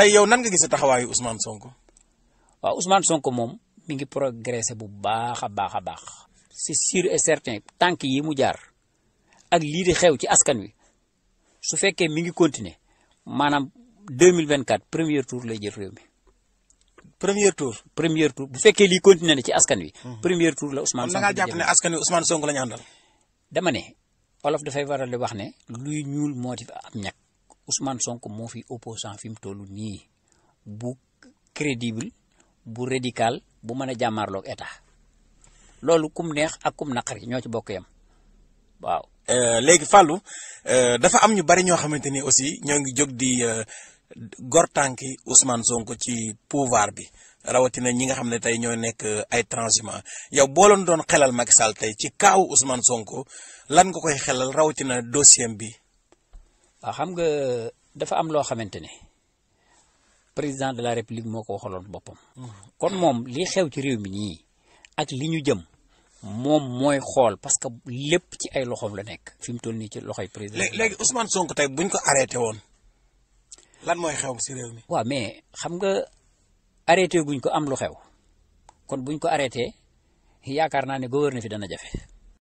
tey yow nan nga gisee taxawaayu Ousmane Sonko. waaw Ousmane Sonko moom mi ngi progressé bu baax a baax a baax. c'est sûr et certain tànk yi mu jaar ak lii di xew ci askan wi su fekkee mi ngi continuer maanaam 2024 premier tour lay jël réew mi. premier tour. premier tour bu fekkee lii continuer na ci askan wi. Mhm. premier tour la Ousmane Sonko. la ñu àndal. dama ne olof dafay waral di wax ne luy ñuul moo ci am ñàkk Ousmane Sonko moo fi opposant fi mu toll nii bu crédible bu radical bu mën a jàmmarloog état loolu kum neex ak kum naqari ñoo ci bokk yam waaw. Euh, léegi Fallou euh, dafa am ñu bari ñoo xamante ni aussi ñoo ngi jóg di euh, gor tànki Ousmane Sonko ci pouvoir bi rawatina ñi nga xam ne tey ñoo nekk ay transhumants yow boo leen doon xelal mag Sall tey ci kaaw Ousmane Sonko lan nga koy xelal rawatina dossier bi. waaw ah, xam nga dafa am loo xamante ne président de la république moo ko waxaloon boppam. kon moom lii xew ci réew mi nii ak li ñu jëm moom mooy xool parce que lépp ci ay loxoom la nekk. fi mu toll ni ci loxoy président. léegi Ousmane Sonko tey buñ ko arrêté woon lan mooy xew si réew mi. waaw mais xam nga arrêté guñ ko am lu xew kon buñ ko arrêté yaakaar naa ne gouverneur fi dana jafe.